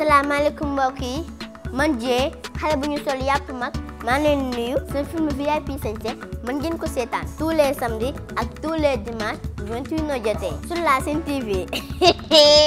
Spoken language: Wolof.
salaamaaleykum mbokk yi man Dieng xale bu ñu sol yàpp mag maa ngi leen nuyu seen film VIP Sagnsé mën ngeen ko seetaan tous les samedis ak tous les dimanches 28 noo jotee TV